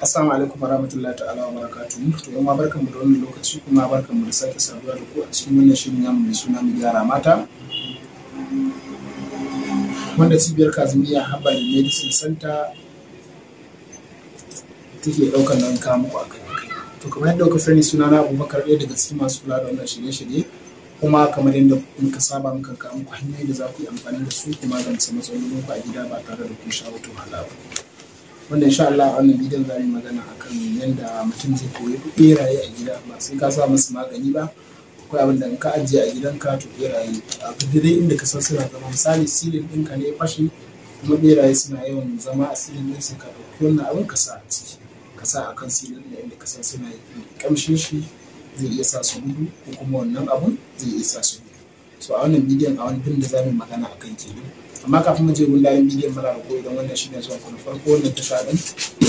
Assalamu alaikum warahmatullahi ta'ala wa barakatuhu. To yamma mu da wannan lokaci kuma mu da sake saduwa da ku a cikin wannan shirin namu mai suna mu gyara mata. Wanda cibiyar Kazimiya da Medicine Center take ɗaukar nan kawo muku a kai. To kamar yadda kuka sani suna na Abubakar ɗaya daga cikin masu kula da wannan shirye-shirye kuma kamar yadda muka saba muka kawo muku hanyoyi da za ku yi amfani da su kuma magance matsalolin ku a gida ba tare da kun sha wata wahala ba. wanda insha Allah wannan bidiyon za mu magana akan yadda mutum zai koyi beraye a gida ba sai ka sa masu magani ba akwai abin da ka ajiye a gidan ka to beraye A dai inda ka san suna zama misali silin ɗinka ne fashe, kuma beraye suna yawan zama a silin ɗin sai ka ɗauki wannan abin ka sa a ciki ka sa a kan silin ɗin inda ka san suna ƙamshin shi zai iya sa su gudu ko kuma wannan abun zai iya sa su gudu so a wannan bidiyon a wani bin da za mu magana akan kenan amma kafin mu je mun layin bidiyon mana da koyi don wannan ne zuwa kuma farko wannan tasha din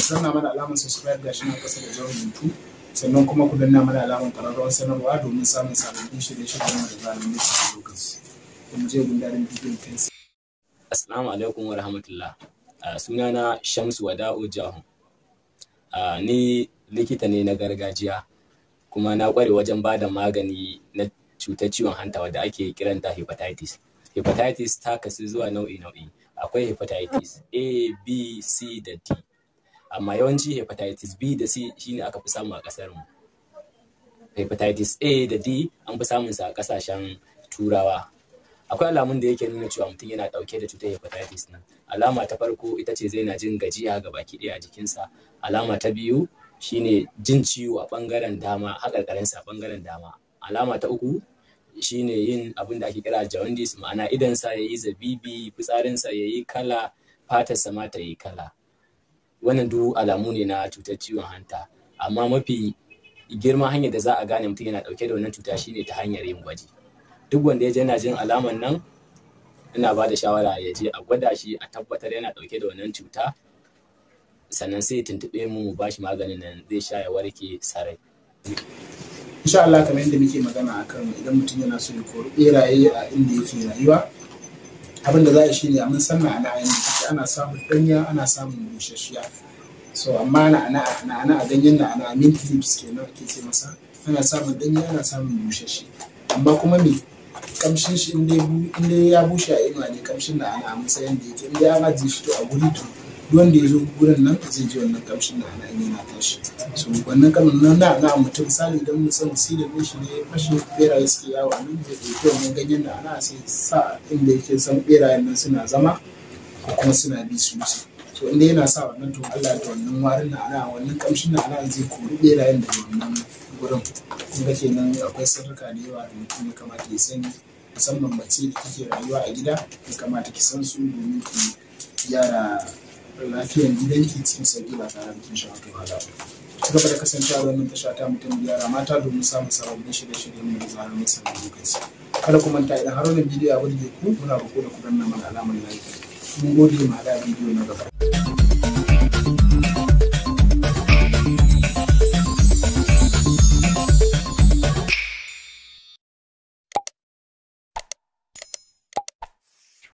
sanna mana alamar subscribe shi na kasa da jawon YouTube sannan kuma ku danna mana alamar ƙararrawar sanarwa domin samun sababbin shirye-shiryen da za mu a lokaci kuma je mun layin bidiyon kansa. Assalamu alaikum wa rahmatullah ah, sunana Shamsu Wada'u Jahu. Ah, ni likita ne na gargajiya kuma na kware wajen ba da magani na cutar ciwon hanta wadda ake kiranta hepatitis hepatitis ta kasu zuwa nau'i nau'i akwai hepatitis A, B, C da D. Amma yawanci hepatitis B da C shine aka fi samu a ƙasar mu. Hepatitis A da D an fi samun sa a ƙasashen Turawa. Akwai alamun da yake nuna cewa mutum yana ɗauke da cutar hepatitis nan. Alama ta farko ita ce zai na jin gajiya ga baki ɗaya a jikinsa. Alama ta biyu shine jin ciwo a bangaren dama, haƙarƙarinsa a ɓangaren dama. Alama ta uku shine yin abin da ake kira jaundice ma'ana sa ya yi zabibi fitsarin sa yayi kala sa ma ta yi kala wannan duk alamu ne na cutar ciwon hanta amma mafi girma hanyar da za a gane mutum yana dauke da wannan cuta shine ta hanyar yin gwaji duk wanda ya je yana jin alaman nan ina ba da shawara ya je a gwada shi a tabbatar yana dauke da wannan cuta sannan sai ya mu ba shi maganin nan zai sha ya warke sarai insha Allah kamar yadda muke magana akan idan mutum yana so ya kori beraye a inda yake rayuwa abin da za a shine mun san ma'ana ainihin ana samun danya ana samun busasshiya so amma na'ana a ganyen na'ana min clips kenan ke ce masa ana samun danya ana samun busasshe amma kuma me kamshin shi inda ya bushe a ina ne kamshin na'ana mun san yadda yake in ya ana ji shi to a guri to wanda ya zo gurin nan zai ji wannan kamshin da ana yana tashi so wannan kamar nan na a mutum misali don mu san da din shi ne fashin beraye suke yawa nan zai kyau na ganyen da ana sai sa inda yake san berayen nan suna zama ko kuma suna bi su to inda yana sa wannan to Allah da wannan warin na ana wannan kamshin na ana zai kori berayen da wannan gurin kun ga kenan akwai sirrika da yawa da mutum ya kamata ya sani musamman mace da kike rayuwa a gida ya kamata ki san su domin ki gyara lafiyar gidanki cikin sauki ba tare da kin sha wata wahala ba ci gaba da kasancewa mun tasha ta mutum yara mata domin samun sababbin shirye-shirye mu da zarar mun samu lokaci kada ku manta idan har wannan bidiyo ya burge ku muna roƙo da ku danna mana alamar like mun gode ma da bidiyo na gaba